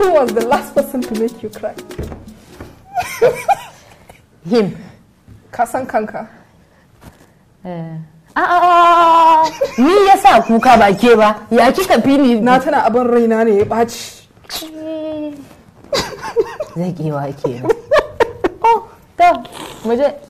who was the last person to make you cry? Him. Kasan kanka. Eh. A'a ah, ah, ah, ni ya sa kuka ba ke ba, ya kika fi ni. Na tana abin raina ne ya ɓaci. Zaƙewa ke. Oh, to, waje.